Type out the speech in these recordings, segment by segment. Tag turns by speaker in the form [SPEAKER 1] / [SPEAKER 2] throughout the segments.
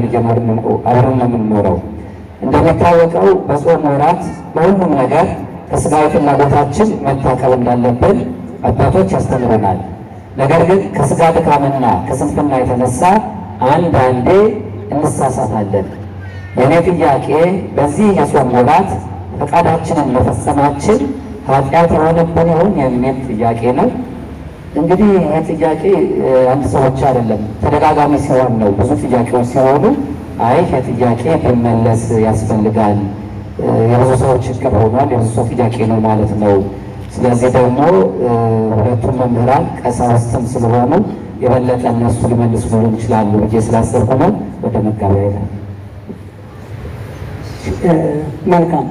[SPEAKER 1] ከዛሬ ጀምሮ አብረን ነው የምንኖረው። እንደሚታወቀው በጾም ወራት በሁሉም ነገር ከስጋዊ ፍላጎታችን መታቀብ እንዳለብን አባቶች ያስተምረናል። ነገር ግን ከስጋ ድካምና ከስንፍና የተነሳ አንዳንዴ እንሳሳታለን። የእኔ ጥያቄ በዚህ የጾም ወራት ፈቃዳችንን መፈጸማችን ኃጢአት የሆነብን ይሆን የሚል ጥያቄ ነው። እንግዲህ ይህ ጥያቄ አንድ ሰው ብቻ አይደለም፣ ተደጋጋሚ ሲሆን ነው። ብዙ ጥያቄዎች ሲሆኑ አይ ጥያቄ መመለስ ያስፈልጋል፣ የብዙ ሰዎች ችግር ሆኗል፣ የብዙ ሰው ጥያቄ ነው ማለት ነው። ስለዚህ ደግሞ ሁለቱም መምህራን ቀሳውስትም ስለሆኑ የበለጠ እነሱ ሊመልሱ ሊሆን ይችላሉ ብዬ ስላሰብኩ ነው። ወደ መጋቢያ
[SPEAKER 2] መልካም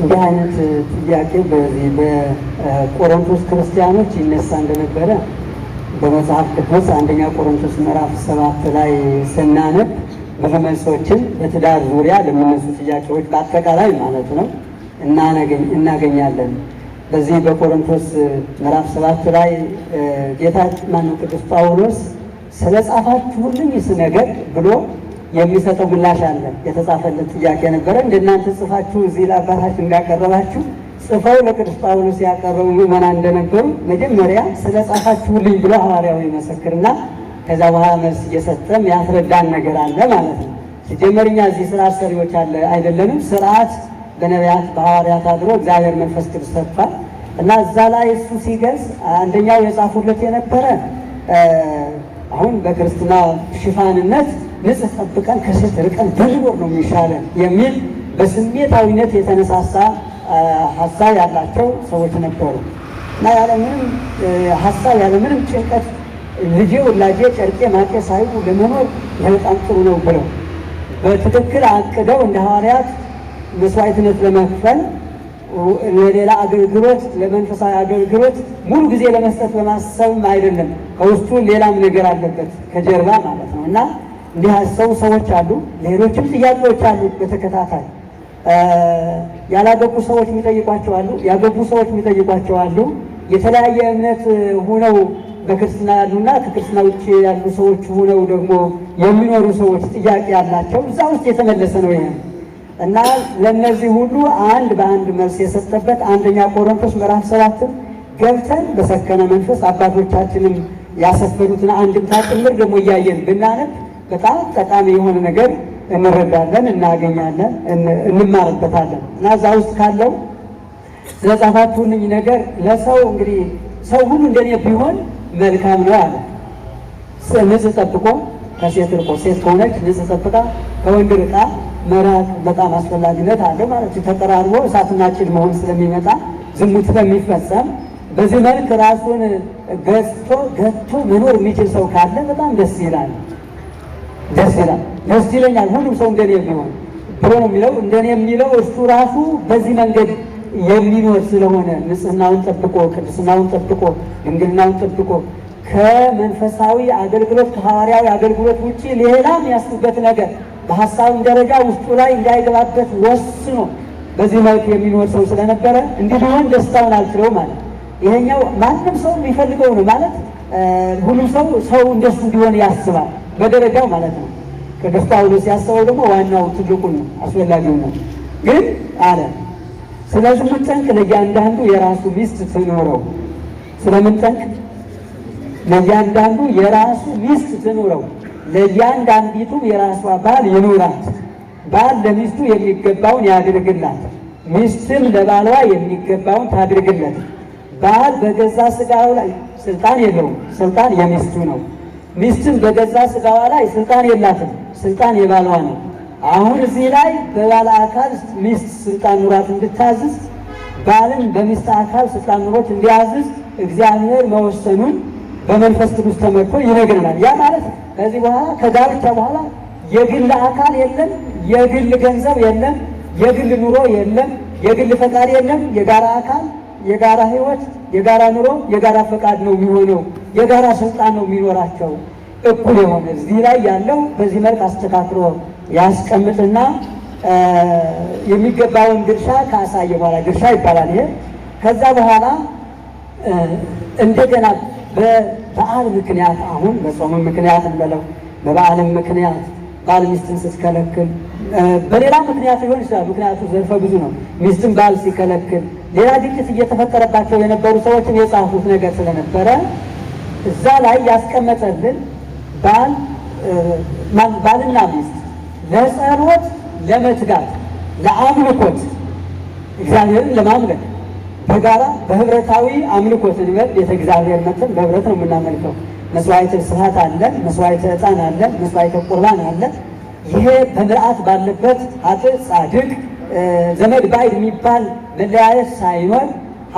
[SPEAKER 2] እንዲህ አይነት ጥያቄ በዚህ በቆሮንቶስ ክርስቲያኖች ይነሳ እንደነበረ በመጽሐፍ ቅዱስ አንደኛ ቆሮንቶስ ምዕራፍ ሰባት ላይ ስናነብ ብዙ መልሶችን በትዳር ዙሪያ ለሚነሱ ጥያቄዎች በአጠቃላይ ማለት ነው እናገኛለን። በዚህ በቆሮንቶስ ምዕራፍ ሰባት ላይ ጌታ ማነው ቅዱስ ጳውሎስ ስለ ጻፋችሁልኝ ነገር ብሎ የሚሰጠው ምላሽ አለ። የተጻፈለት ጥያቄ ነበረ። እንደናንተ ጽፋችሁ እዚህ ለአባታችሁ እንዳቀረባችሁ ጽፈው ለቅዱስ ጳውሎስ ያቀረቡ ምዕመናን እንደነበሩ መጀመሪያ ስለ ጻፋችሁልኝ ብሎ ሐዋርያው ይመሰክርና ከዛ በኋላ መልስ እየሰጠም ያስረዳን ነገር አለ ማለት ነው። ሲጀመርኛ እዚህ ስርዓት ሰሪዎች አለ አይደለንም። ስርዓት በነቢያት በሐዋርያት አድሮ እግዚአብሔር መንፈስ ቅዱስ ሰጥቷል እና እዛ ላይ እሱ ሲገልጽ አንደኛው የጻፉለት የነበረ አሁን በክርስትና ሽፋንነት ንጽህ ጠብቀን ከሴት ርቀን በልቦር ነው የሚሻለን የሚል በስሜታዊነት የተነሳሳ ሀሳብ ያላቸው ሰዎች ነበሩ እና ያለምንም ሀሳብ ያለምንም ጭንቀት ልጄ ውላጄ ጨርቄ ማቄ ሳይሉ ለመኖር ይህ በጣም ጥሩ ነው ብለው በትክክል አቅደው እንደ ሐዋርያት መስዋዕትነት ለመክፈል ለሌላ አገልግሎት ለመንፈሳዊ አገልግሎት ሙሉ ጊዜ ለመስጠት በማሰብም አይደለም። ከውስጡ ሌላም ነገር አለበት ከጀርባ ማለት ነው እና የሚያሰቡ ሰዎች አሉ። ሌሎችም ጥያቄዎች አሉ። በተከታታይ ያላገቡ ሰዎች የሚጠይቋቸው አሉ፣ ያገቡ ሰዎች የሚጠይቋቸው አሉ። የተለያየ እምነት ሆነው በክርስትና ያሉና ከክርስትና ውጭ ያሉ ሰዎች ሆነው ደግሞ የሚኖሩ ሰዎች ጥያቄ ያላቸው እዛ ውስጥ የተመለሰ ነው ይሄ እና ለእነዚህ ሁሉ አንድ በአንድ መልስ የሰጠበት አንደኛ ቆሮንቶስ ምዕራፍ ሰባትን ገብተን በሰከነ መንፈስ አባቶቻችንም ያሰፈሩትን አንድምታ ጭምር ደግሞ እያየን ብናነብ በጣም ጠቃሚ የሆነ ነገር እንረዳለን፣ እናገኛለን፣ እንማርበታለን እና እዛ ውስጥ ካለው ስለ ነገር ለሰው እንግዲህ ሰው ሁሉ እንደኔ ቢሆን መልካም ነው አለ። ንጽህ ጠብቆ ከሴት ርቆ፣ ሴት ከሆነች ንጽህ ጠብቃ ከወንድ ርቃ መራቅ በጣም አስፈላጊነት አለው ማለት ተጠራርቦ እሳትና ጭድ መሆን ስለሚመጣ ዝሙት ስለሚፈጸም በዚህ መልክ ራሱን ገዝቶ ገቶ መኖር የሚችል ሰው ካለ በጣም ደስ ይላል። ደስ ይላል፣ ደስ ይለኛል። ሁሉም ሰው እንደኔ የሚሆን ብሎ ነው የሚለው። እንደኔ የሚለው እሱ ራሱ በዚህ መንገድ የሚኖር ስለሆነ ንጽህናውን ጠብቆ ቅድስናውን ጠብቆ ድንግልናውን ጠብቆ ከመንፈሳዊ አገልግሎት ከሐዋርያዊ አገልግሎት ውጭ ሌላ የሚያስቡበት ነገር በሀሳብም ደረጃ ውስጡ ላይ እንዳይገባበት ወስኖ በዚህ መልክ የሚኖር ሰው ስለነበረ እንዲህ ቢሆን ደስታውን አልችለው ማለት ይሄኛው ማንም ሰው የሚፈልገው ነው ማለት ሁሉም ሰው ሰው እንደሱ እንዲሆን ያስባል፣ በደረጃው ማለት ነው። ከገፍታ ሁሉ ሲያስበው ደግሞ ዋናው ትልቁ ነው፣ አስፈላጊው ነው። ግን አለ ስለዚህ ምንጠንቅ ለእያንዳንዱ የራሱ ሚስት ትኑረው። ስለምንጠንቅ ለእያንዳንዱ የራሱ ሚስት ትኑረው፣ ለእያንዳንዲቱ የራሷ ባል ይኑራት። ባል ለሚስቱ የሚገባውን ያድርግላት፣ ሚስትም ለባሏ የሚገባውን ታድርግለት። ባል በገዛ ስጋው ላይ ስልጣን የለውም፣ ስልጣን የሚስቱ ነው። ሚስትም በገዛ ስጋዋ ላይ ስልጣን የላትም፣ ስልጣን የባሏ ነው። አሁን እዚህ ላይ በባለ አካል ሚስት ስልጣን ኑራት እንድታዝዝ፣ ባልም በሚስት አካል ስልጣን ኑሮት እንዲያዝዝ እግዚአብሔር መወሰኑን በመንፈስ ቅዱስ ተመርኮ ይነግረናል። ያ ማለት ከዚህ በኋላ ከጋብቻ በኋላ የግል አካል የለም፣ የግል ገንዘብ የለም፣ የግል ኑሮ የለም፣ የግል ፈቃድ የለም። የጋራ አካል የጋራ ህይወት፣ የጋራ ኑሮ፣ የጋራ ፈቃድ ነው የሚሆነው። የጋራ ስልጣን ነው የሚኖራቸው። እኩል የሆነ እዚህ ላይ ያለው በዚህ መልክ አስተካክሎ ያስቀምጥና የሚገባውን ድርሻ ካሳየ በኋላ ድርሻ ይባላል ይሄ። ከዛ በኋላ እንደገና በበዓል ምክንያት አሁን በጾም ምክንያት እንበለው በበዓልም ምክንያት ባል ሚስትን ስትከለክል፣ በሌላ ምክንያት ሊሆን ይችላል። ምክንያቱ ዘርፈ ብዙ ነው። ሚስትን ባል ሲከለክል ሌላ ግጭት እየተፈጠረባቸው የነበሩ ሰዎችም የጻፉት ነገር ስለነበረ እዛ ላይ ያስቀመጠልን ባልና ሚስት ለጸሎት ለመትጋት ለአምልኮት እግዚአብሔርን ለማምለክ በጋራ በህብረታዊ አምልኮት ንበል ቤተ እግዚአብሔር መጥተን በህብረት ነው የምናመልከው። መስዋዕተ ስብሐት አለ፣ መስዋዕተ ዕጣን አለ፣ መስዋዕተ ቁርባን አለ። ይሄ በምርአት ባለበት አጥ ጻድቅ ዘመድ ባዕድ የሚባል መለያየት ሳይሆን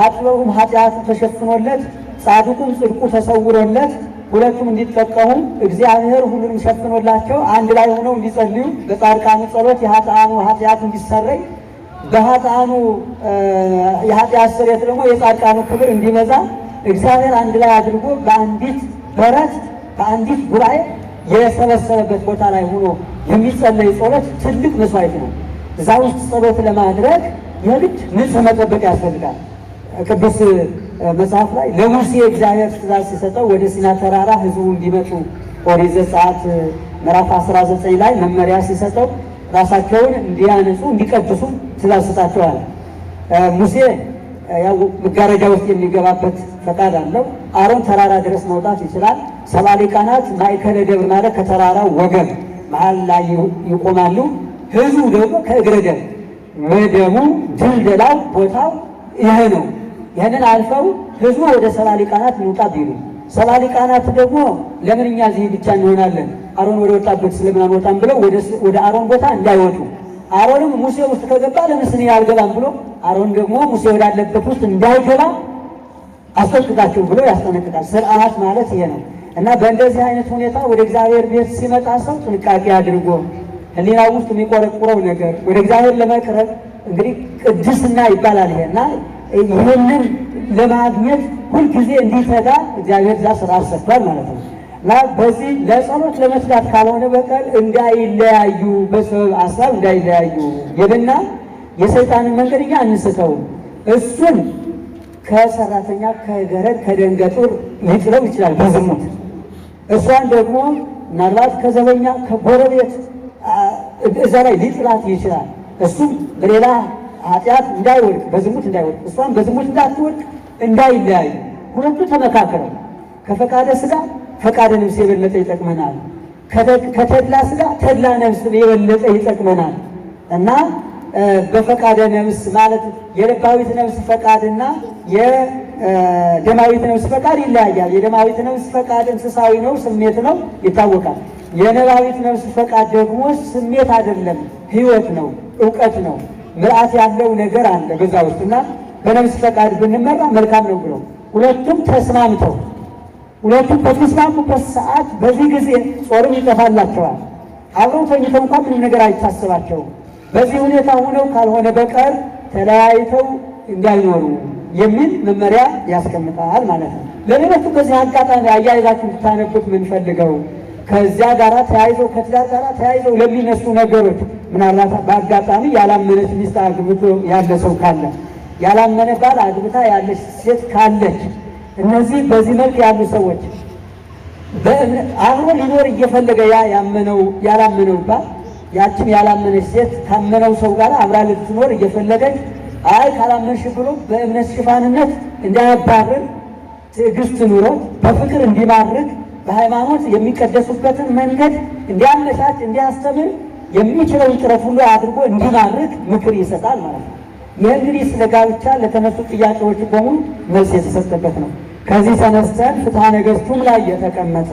[SPEAKER 2] ኃጥኡም ኃጢአቱ ተሸፍኖለት ጻድቁም ጽድቁ ተሰውሮለት ሁለቱም እንዲጠቀሙ እግዚአብሔር ሁሉንም ሸፍኖላቸው አንድ ላይ ሆነው እንዲጸልዩ በጻድቃኑ ጸሎት የኃጥአኑ ኃጢአት እንዲሰረይ በኃጥአኑ የኃጢአት ስርየት ደግሞ የጻድቃኑ ክብር እንዲበዛ እግዚአብሔር አንድ ላይ አድርጎ በአንዲት በረት በአንዲት ጉባኤ የሰበሰበበት ቦታ ላይ ሆኖ የሚጸለይ ጸሎት ትልቅ መስዋዕት ነው። እዛ ውስጥ ጸሎት ለማድረግ የግድ ንጹህ መጠበቅ ያስፈልጋል። ቅዱስ መጽሐፍ ላይ ለሙሴ እግዚአብሔር ትእዛዝ ሲሰጠው ወደ ሲና ተራራ ህዝቡ እንዲመጡ ኦሪት ዘጸአት ምዕራፍ 19 ላይ መመሪያ ሲሰጠው ራሳቸውን እንዲያነጹ እንዲቀድሱ ትእዛዝ ሰጣቸዋል። ሙሴ ያው መጋረጃ ውስጥ የሚገባበት ፈቃድ አለው። አሮን ተራራ ድረስ መውጣት ይችላል። ሰባ ሊቃናት ማእከለ ደብር ማለት ከተራራው ወገብ መሀል ላይ ይቆማሉ። ህዝቡ ደግሞ ከእግረ ደም መደቡ ድልደላው ቦታው ይሄ ነው። ይህንን አልፈው ህዝቡ ወደ ሰላሊቃናት እንውጣ ቢሉ ሰላሊቃናት ደግሞ ለምን እኛ እዚህ ብቻ እንሆናለን አሮን ወደ ወጣበት ስለምን አንወጣም ብለው ወደ አሮን ቦታ እንዳይወጡ አሮንም ሙሴ ውስጥ ከገባ ለምን አልገባም ብሎ አሮን ደግሞ ሙሴ ወዳለበት ውስጥ እንዳይገባ አስጠንቅቃቸው ብሎ ያስጠነቅቃል። ስርዓት ማለት ይሄ ነው እና በእንደዚህ አይነት ሁኔታ ወደ እግዚአብሔር ቤት ሲመጣ ሰው ጥንቃቄ አድርጎ ህሊና ውስጥ የሚቆረቁረው ነገር ወደ እግዚአብሔር ለመቅረብ እንግዲህ ቅድስና ይባላል። ይሄና ይህንን ለማግኘት ሁልጊዜ እንዲተጋ እግዚአብሔር ዛ ስራ ሰጥቷል ማለት ነው እና በዚህ ለጸሎት ለመስጋት ካልሆነ በቀር እንዳይለያዩ፣ በሰበብ ሀሳብ እንዳይለያዩ ይልና የሰይጣንን መንገድ እኛ አንስተውም። እሱን ከሰራተኛ ከገረድ ከደንገጡር ሊጥለው ይችላል በዝሙት እሷን ደግሞ ምናልባት ከዘበኛ ከጎረቤት እዛ ላይ ሊጥላት ይችላል። እሱም በሌላ ኃጢአት እንዳይወድቅ በዝሙት እንዳይወድቅ እሷም በዝሙት እንዳትወድቅ እንዳይለያዩ ሁለቱ ተመካከረው ከፈቃደ ስጋ ፈቃደ ነፍስ የበለጠ ይጠቅመናል፣ ከተድላ ስጋ ተድላ ነፍስ የበለጠ ይጠቅመናል እና በፈቃደ ነፍስ ማለት የልባዊት ነፍስ ፈቃድና የደማዊት ነፍስ ፈቃድ ይለያያል። የደማዊት ነፍስ ፈቃድ እንስሳዊ ነው፣ ስሜት ነው፣ ይታወቃል። የነባቢት ነፍስ ፈቃድ ደግሞ ስሜት አይደለም፣ ህይወት ነው፣ እውቀት ነው፣ ምርአት ያለው ነገር አለ በዛ ውስጥ እና በነፍስ ፈቃድ ብንመራ መልካም ነው ብሎ ሁለቱም ተስማምተው ሁለቱም በተስማሙበት ሰዓት በዚህ ጊዜ ጾርም ይጠፋላቸዋል። አብረው ተኝተው እንኳ ምንም ነገር አይታስባቸውም። በዚህ ሁኔታ ሆነው ካልሆነ በቀር ተለያይተው እንዳይኖሩ የሚል መመሪያ ያስቀምጣል ማለት ነው። ለሌሎቹ በዚህ አጋጣሚ አያይዛችሁ እንድታነቡት ምንፈልገው ከዚያ ጋር ተያይዞ ከትዳር ጋር ተያይዞ ለሚነሱ ነገሮች ምናልባት በአጋጣሚ ያላመነች ሚስት አግብቶ ያለ ሰው ካለ ያላመነ ባል አግብታ ያለች ሴት ካለች እነዚህ በዚህ መልክ ያሉ ሰዎች አብሮ ሊኖር እየፈለገ ያ ያመነው ያላመነው ባል ያችን ያላመነች ሴት ካመነው ሰው ጋር አብራ ልትኖር እየፈለገች አይ ካላመንሽ ብሎ በእምነት ሽፋንነት እንዳያባርር ትዕግስት ኑሮ በፍቅር እንዲማርክ በሃይማኖት የሚቀደሱበትን መንገድ እንዲያመቻች እንዲያስተምር የሚችለውን ጥረት ሁሉ አድርጎ እንዲማርክ ምክር ይሰጣል ማለት ነው። ይህ እንግዲህ ስለ ጋብቻ ለተነሱ ጥያቄዎች በሙሉ መልስ የተሰጠበት ነው። ከዚህ ተነስተን ፍትሐ ነገሥቱም ላይ የተቀመጠ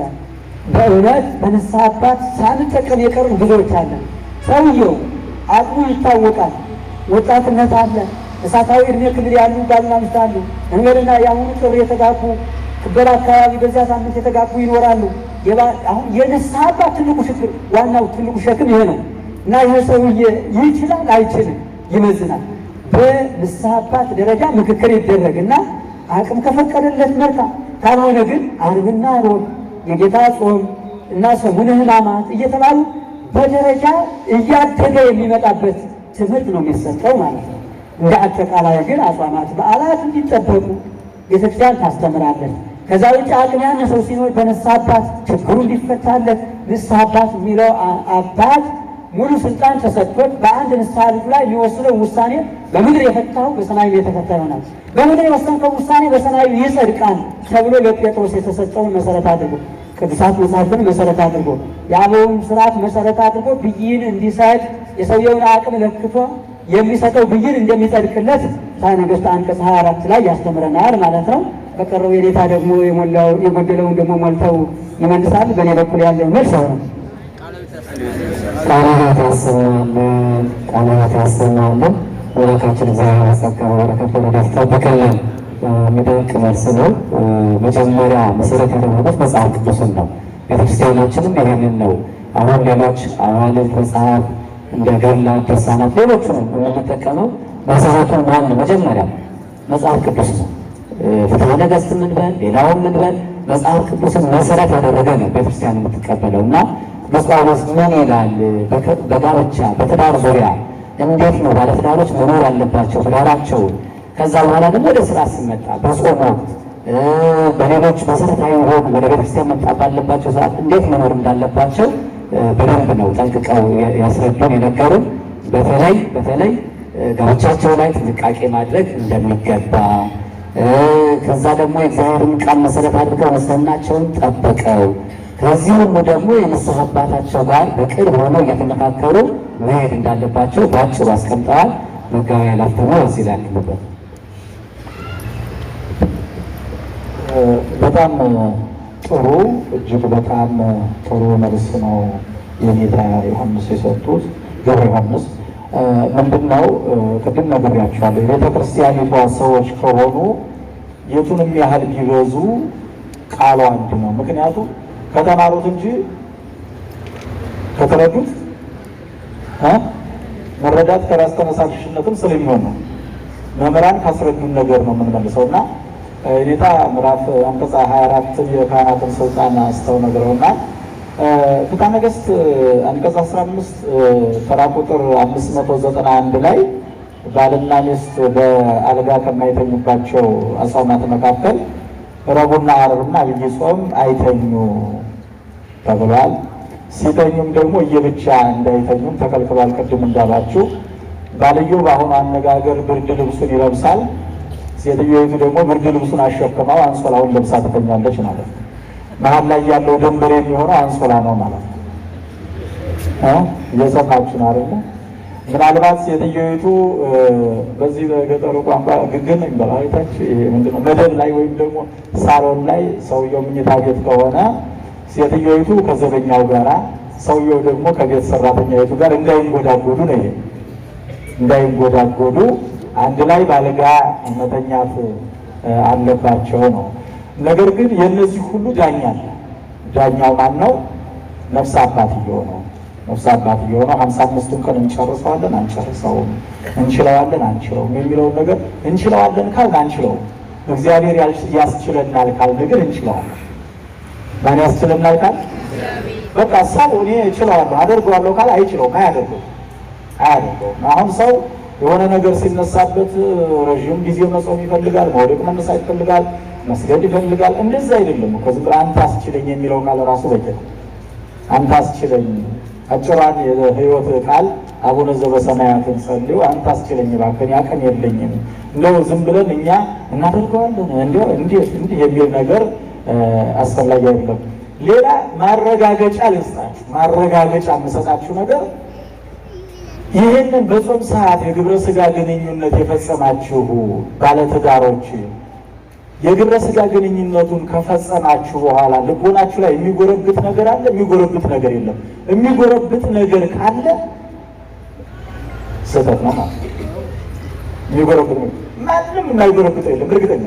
[SPEAKER 2] በእውነት በንስሐ አባት ሳንጠቀም የቀሩ ብዙዎች አለ። ሰውየው አቅሙ ይታወቃል። ወጣትነት አለ። እሳታዊ እድሜ ክልል ያሉ ባልና ሚስት አሉ። እንበልና የአሁኑ ጥሩ የተጋቡ በላ አካባቢ በዚያ ሳምንት የተጋቡ ይኖራሉ። አሁን የንስሐ አባት ትልቁ ችግር ዋናው ትልቁ ሸክም ይሄ ነው እና ይህ ሰውዬ ይችላል አይችልም ይመዝናል። በንስሐ አባት ደረጃ ምክክር ይደረግ እና አቅም ከፈቀደለት መልካም፣ ካልሆነ ግን አርብና ሮብ የጌታ ጾም እና ሰሙነ ሕማማት እየተባሉ በደረጃ እያደገ የሚመጣበት ትምህርት ነው የሚሰጠው ማለት ነው። እንደ አጠቃላይ ግን አጽዋማት በዓላት እንዲጠበቁ ቤተክርስቲያን ታስተምራለች። ከዛ ውጭ አቅም ያነሰው ሲኖር በንስሐ አባት ችግሩ እንዲፈታለት ንስሐ አባት የሚለው አባት ሙሉ ስልጣን ተሰጥቶት በአንድ ንስሐ ልጁ ላይ የሚወስነው ውሳኔ በምድር የፈታው በሰማይ የተፈታ ይሆናል፣ በምድር የወሰንከው ውሳኔ በሰማዩ ይጸድቃል ተብሎ ለጴጥሮስ የተሰጠውን መሰረት አድርጎ ቅዱሳት መጽሐፍትን መሰረት አድርጎ የአበውን ስርዓት መሰረት አድርጎ ብይን እንዲሰጥ የሰውየውን አቅም ለክቶ የሚሰጠው ብይን እንደሚጸድቅለት ነገሥት አንቀጽ 24 ላይ ያስተምረናል ማለት ነው። በቀረው የሌታ ደግሞ የጎደለውን ደግሞ ሞልተው ይመልሳል። በእኔ በኩል ያለ መልስ ነው።
[SPEAKER 3] ቃላት ያሰማለን፣ ቃላት ያሰማለን። ወረታችን እግዚአብሔር ያጸጋ በረከት በረዳት ይጠብቀናል። የሚደንቅ መልስ ነው። መጀመሪያ መሰረት ያደረጉት መጽሐፍ ቅዱስን ነው። ቤተክርስቲያናችንም ይህንን ነው። አሁን ሌሎች አዋልድ መጽሐፍ እንደ ገድላት፣ ድርሳናት ሌሎቹ ነው የምንጠቀመው። መሰረቱ ማን መጀመሪያ መጽሐፍ ቅዱስ ነው። የሆነ ገስት ምንበል ሌላውን ምንበል መጽሐፍ ቅዱስን መሰረት ያደረገ ነው ቤተክርስቲያን የምትቀበለው እና መጽሐፍ ምን ይላል? በጋብቻ በትዳር ዙሪያ እንዴት ነው ባለትዳሮች መኖር ያለባቸው ትዳራቸው? ከዛ በኋላ ደግሞ ወደ ስራ ሲመጣ በጾም ወቅት በሌሎች መሰረታዊ የሆኑ ወደ ቤተክርስቲያን መምጣት ባለባቸው ሰዓት እንዴት መኖር እንዳለባቸው በደንብ ነው ጠንቅቀው ያስረዱን የነገሩን። በተለይ በተለይ ጋብቻቸው ላይ ጥንቃቄ ማድረግ እንደሚገባ ከዛ ደግሞ የእግዚአብሔርን ቃል መሰረት አድርገው ንጽህናቸውን ጠብቀው ከዚሁም ደግሞ የንስሐ አባታቸው ጋር በቅርብ ሆነው እየተመካከሩ መሄድ እንዳለባቸው በአጭሩ አስቀምጠዋል። መጋቢ ላፍተሞ እዚህ ላይ ያክልበት።
[SPEAKER 4] በጣም ጥሩ እጅግ በጣም ጥሩ መልስ ነው የኔታ ዮሐንስ የሰጡት ገብረ ዮሐንስ ምንድን ነው ቅድም ነግሬያቸዋለሁ። የቤተክርስቲያኒቷ ሰዎች ከሆኑ የቱንም ያህል ቢበዙ ቃሉ አንድ ነው። ምክንያቱም ከተማሩት እንጂ ከተረዱት መረዳት ከራስ ተነሳሽነትም ስለሚሆን ነው። መምህራን ካስረዱን ነገር ነው የምንመልሰው እና ሁኔታ ምዕራፍ አንቀጽ 24 የካህናትን ስልጣን አስተው ነግረውናል። ፍትሐ ነገሥት አንቀጽ 15 ተራ ቁጥር 591 ላይ ባልና ሚስት በአልጋ ከማይተኙባቸው አጽዋማት መካከል ረቡዕና ዓርብና ዓቢይ ጾም አይተኙ ተብሏል። ሲተኙም ደግሞ እየብቻ እንዳይተኙም ተከልክሏል። ቅድም እንዳላችሁ ባልየው በአሁኑ አነጋገር ብርድ ልብሱን ይለብሳል። ሴትዮይቱ ደግሞ ብርድ ልብሱን አሸክማው አንሶላውን ለብሳ ትተኛለች ማለት ነው። መሀል ላይ ያለው ድንበር የሚሆነው አንሶላ ነው ማለት ነው። እየሰማችሁ ነው አይደለ? ምናልባት ሴትዮይቱ በዚህ በገጠሩ ቋንቋ ግግን በላዊታች ምንድነው መደብ ላይ ወይም ደግሞ ሳሎን ላይ ሰውየው ምኝታ ቤት ከሆነ ሴትዮይቱ ከዘበኛው ጋራ ሰውየው ደግሞ ከቤት ሰራተኛይቱ ጋር እንዳይንጎዳጎዱ ነው። ይሄ እንዳይንጎዳጎዱ አንድ ላይ ባልጋ መተኛት አለባቸው ነው። ነገር ግን የእነዚህ ሁሉ ዳኛ ዳኛው ማን ነው? ነፍስ አባት እየሆነው ነፍስ አባት እየሆነው ሀምሳ አምስቱን ቀን እንጨርሰዋለን አንጨርሰውም፣ እንችለዋለን አንችለውም የሚለውን ነገር እንችለዋለን ካልን አንችለውም፣ እግዚአብሔር ያስችለናል ካልን ግን እንችለዋለን። ማን ያስችለናል ካል በቃ ሀሳብ እኔ እችለዋለሁ አደርገዋለሁ ካል አይችለውም፣ አያደርገውም፣ አያደርገውም። አሁን ሰው የሆነ ነገር ሲነሳበት ረዥም ጊዜ መጾም ይፈልጋል፣ መውደቅ መነሳት ይፈልጋል መስገድ ይፈልጋል። እንደዛ አይደለም። ከዚህ አንተ አስችለኝ የሚለው ቃል ራሱ በጀ አንተ አስችለኝ አጭሯን የህይወት ቃል አቡነ ዘበሰማያትን ጸልዩ አንተ አስችለኝ እባክህን ያቀን የለኝም እንደው ዝም ብለን እኛ እናደርገዋለን እንዲያው እንዲህ የሚል ነገር አስፈላጊ አይደለም። ሌላ ማረጋገጫ ልስጣችሁ። ማረጋገጫ የምሰጣችሁ ነገር ይህንን በጾም ሰዓት የግብረ ስጋ ግንኙነት የፈጸማችሁ ባለትዳሮች የግብረ ስጋ ግንኙነቱን ከፈጸማችሁ በኋላ ልቦናችሁ ላይ የሚጎረብት ነገር አለ? የሚጎረብት ነገር የለም። የሚጎረብት ነገር ካለ ስህተት ነው ማለት የሚጎረብጥ ነው። ማንም የማይጎረብጥ የለም። እርግጠኛ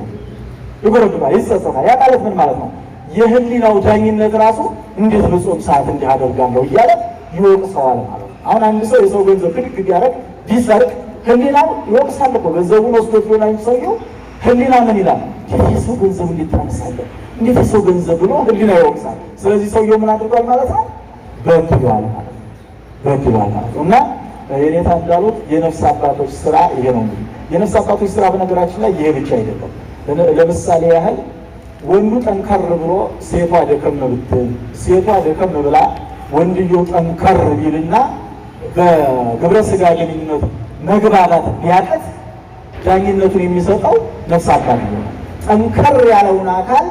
[SPEAKER 4] ይጎረብጣል፣ ይጸጸታል። ያ ማለት ምን ማለት ነው? የህሊናው ዳኝነት ራሱ እንዴት ብጾም ሰዓት እንዲህ አደርጋለሁ እያለ ይወቅሰዋል ማለት ነው። አሁን አንድ ሰው የሰው ገንዘብ ብድግ ቢያደርግ ቢሰርቅ ህሊናው ይወቅሳል እኮ ገንዘቡን ወስዶ ቢሆን ሰውየው ህሊና ምን ይላል? እንዴት የሰው ገንዘብ እንዴት ታወቅሳለህ? እንዴት የሰው ገንዘብ ብሎ ህሊና ይወቅሳል። ስለዚህ ሰውየው ምን አድርጓል ማለት ነው? በክሏል ማለት በክሏል ማለት ነው። እና የኔታ እንዳሉት የነፍስ አባቶች ስራ ይሄ ነው። እንግዲህ የነፍስ አባቶች ስራ በነገራችን ላይ ይሄ ብቻ አይደለም። ለምሳሌ ያህል ወንዱ ጠንከር ብሎ ሴቷ ደከም ብትል፣ ሴቷ ደከም ብላ ወንድየው ጠንከር ቢልና በግብረ ስጋ ግንኙነቱ መግባባት ቢያቀት ዳኝነቱን የሚሰጠው ነፍስ አባት ነው። ጠንከር ያለውን አካል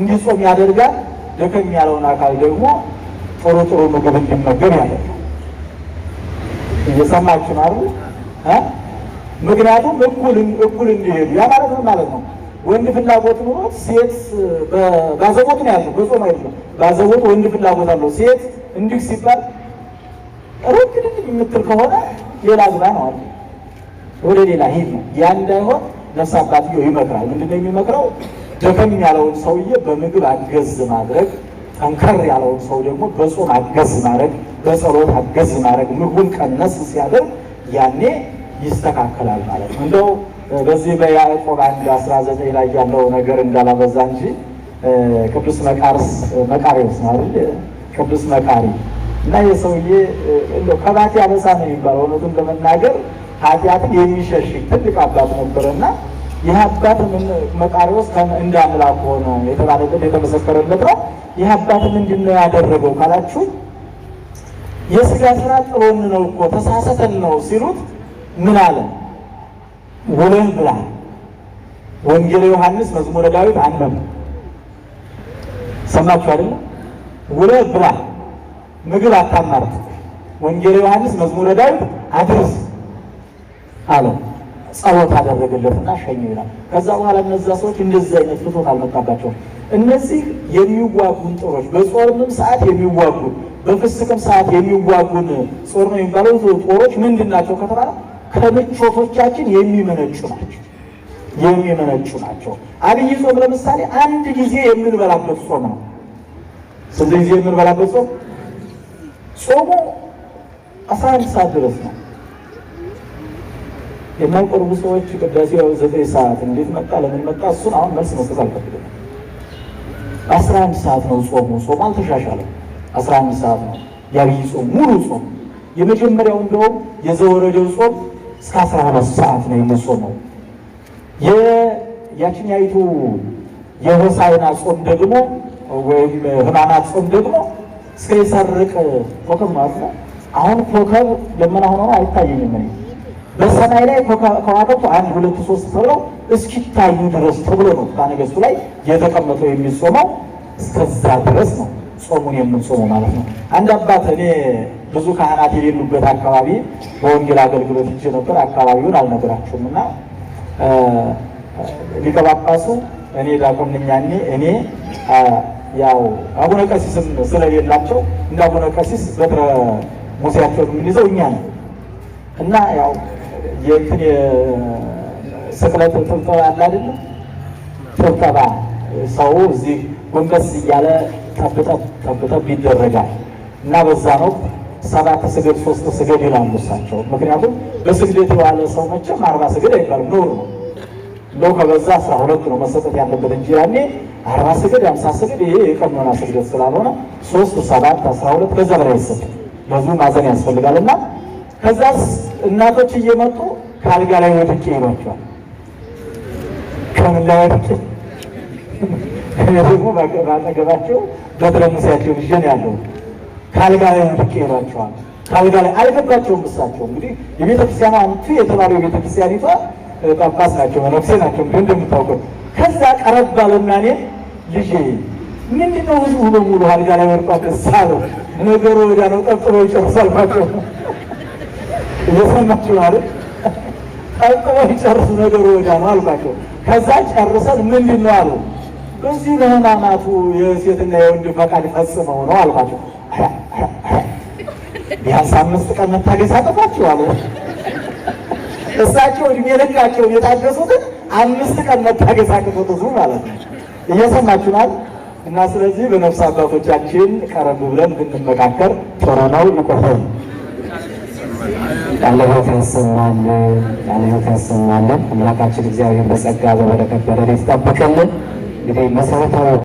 [SPEAKER 4] እንዲጾም ያደርጋል። ደከም ያለውን አካል ደግሞ ጥሩ ጥሩ ምግብ እንዲመገብ ያደርጋል። እየሰማችሁ ነው ምክንያቱም እኩል እኩል እንዲሄዱ ያ ማለት ምን ማለት ነው? ወንድ ፍላጎት ኑሮት ሴት ባዘቦት ነው ያለው፣ በጾም አይደለም። ባዘቦት ወንድ ፍላጎት አለው። ሴት እንዲህ ሲባል ረክድ የምትል ከሆነ ሌላ ግባ ነው አለ፣ ወደ ሌላ ሂድ ነው ያ እንዳይሆን ነፍስ አባትየው ይመክራል። ምንድነው የሚመክረው? ደከም ያለውን ሰውዬ በምግብ አገዝ ማድረግ፣ ጠንከር ያለውን ሰው ደግሞ በጾም አገዝ ማድረግ፣ በጸሎት አገዝ ማድረግ፣ ምግቡን ቀነስ ሲያደርግ ያኔ ይስተካከላል ማለት ነው። እንደው በዚህ በያዕቆብ አንድ አስራ ዘጠኝ ላይ ያለው ነገር እንዳላበዛ እንጂ ቅዱስ መቃርስ መቃሪ ማለት ቅዱስ መቃሪ እና የሰውዬ እንደው ከባቴ አበሳ ነው የሚባለው እውነቱን ለመናገር ኃጢአትን የሚሸሽግ ትልቅ አባት ነበረና ይህ አባት መቃርዮስ እንደ አምላክ ሆኖ የተባለበት የተመሰከረለት ነው። ይህ አባት ምንድን ነው ያደረገው ካላችሁ የስጋ ስራ ጥሎን ነው እኮ ተሳሰተን ነው ሲሉት ምን አለ? ውለን ብላ ወንጌል ዮሐንስ መዝሙረ ዳዊት አነበብ ሰማችሁ አይደለ? ውለህ ብላ ምግብ አታማርት። ወንጌል ዮሐንስ መዝሙረ ዳዊት አድርስ አለው። ጸሎት አደረገለትና ሸኘው ይላል። ከዛ በኋላ እነዛ ሰዎች እንደዚህ አይነት ፍቶት አልመጣባቸውም። እነዚህ የሚዋጉን ጦሮች በጾርንም ሰዓት የሚዋጉን በፍስቅም ሰዓት የሚዋጉን ጾር ነው የሚባለው ጦሮች ምንድን ናቸው ከተባለ ከምቾቶቻችን የሚመነጩ ናቸው የሚመነጩ ናቸው። አብይ ጾም ለምሳሌ አንድ ጊዜ የምንበላበት ጾም ነው። ስንት ጊዜ የምንበላበት ጾም? ጾሙ አስራ አንድ ሰዓት ድረስ ነው። የማይቆርቡ ሰዎች ቅዳሴ ያው ዘጠኝ ሰዓት እንዴት መጣ ለምን መጣ? እሱን አሁን መልስ መስጠት አልፈልግም። አስራ አንድ ሰዓት ነው ጾሙ። ጾሙ ጾም አልተሻሻለም አስራ አንድ ሰዓት ነው የአብይ ጾም ሙሉ ጾም። የመጀመሪያው እንደውም የዘወረደው ጾም እስከ አስራ አራት ሰዓት ነው የሚጾመው። ያችኛይቱ የሆሳይና ጾም ደግሞ ወይም ህማማት ጾም ደግሞ እስከ የሰርቅ ኮከብ ማለት ነው። አሁን ኮከብ ደመና ሆኖ አይታየኝም እኔ በሰማይ ላይ ከዋክብት አንድ ሁለት ሶስት ተብለው እስኪታዩ ድረስ ተብሎ ነው ነገሥቱ ላይ የተቀመጠው የሚጾመው። እስከዛ ድረስ ነው ጾሙን የምንጾመው ማለት ነው። አንድ አባት እኔ ብዙ ካህናት የሌሉበት አካባቢ በወንጌል አገልግሎት እጅ ነበር። አካባቢውን አልነገራችሁም እና ሊቀ ጳጳሱ እኔ ዲያቆን ነኝ ያኔ እኔ ያው አቡነ ቀሲስም ስለሌላቸው እንደ አቡነ ቀሲስ በትረ ሙሴያቸውን የምንይዘው እኛ ነው እና ያው የእንትን ስቅለት ትብተባ አለ አይደል? ትብተባ ሰው እዚህ ጎንበስ እያለ ጠብጠብ ጠብጠብ ይደረጋል እና በዛ ነው ሰባት ስገድ ሶስት ስገድ ይላሉ እሳቸው። ምክንያቱም በስግደት የዋለ ሰው መቼም አርባ ስገድ አይባልም ነውር ነው። እንደው ከበዛ አስራ ሁለት ነው መሰጠት ያለበት እንጂ ያኔ አርባ ስገድ አምሳ ስገድ ይሄ የቀኖና ስግደት ስላልሆነ ሶስት ሰባት አስራ ሁለት ከዛ በላይ ይሰጥ። በዙ ማዘን ያስፈልጋል እና ከዛስ እናቶች እየመጡ ከአልጋ ላይ ወጥቼ ይሏቸዋል። ከምን ላይ ወጥቼ ደግሞ ባጠገባቸው በትረሙሲያቸው ይዤን ያለው ከአልጋ ላይ ወጥቼ ይሏቸዋል። ከአልጋ ላይ አልገባቸውም። እሳቸው እንግዲህ የቤተክርስቲያን አንቱ የተባለው የቤተክርስቲያኒቷ ጳጳስ ናቸው፣ መነኩሴ ናቸው። እንግዲህ እንደምታውቀው ከዛ ቀረብ ባለና እኔ ልጄ ምንድነው ህዝቡ በሙሉ አልጋ ላይ ወርቋ ደስ ነገሩ ወዲያ ነው፣ ቀጥሎ ይጨርሳልባቸው እየሰማችሁ ማለት ጠንቅበው ይጨርሱ ነገሩ ወዳ ነው አልኳቸው። ከዛ ጨርሰን ምንድን ነው አሉ። በዚህ ለህማማቱ የሴትና የወንድ ፈቃድ ፈጽመው ነው አልኳቸው። ቢያንስ አምስት ቀን መታገስ አጠፋችሁ አሉ። እሳቸው እድሜ ልካቸውን የታገሱትን አምስት ቀን መታገስ አቅቶት ማለት ነው። እየሰማችሁናል። እና ስለዚህ በነፍስ አባቶቻችን ቀረብ ብለን ብንመካከር ጦረ ይቆፈል ያለ ህይወት ያሰማልን፣ ያለ ህይወት ያሰማልን። አምላካችን እግዚአብሔር በጸጋ በበረከት በረድኤት ይጠብቅልን። እንግዲህ መሰረታዊ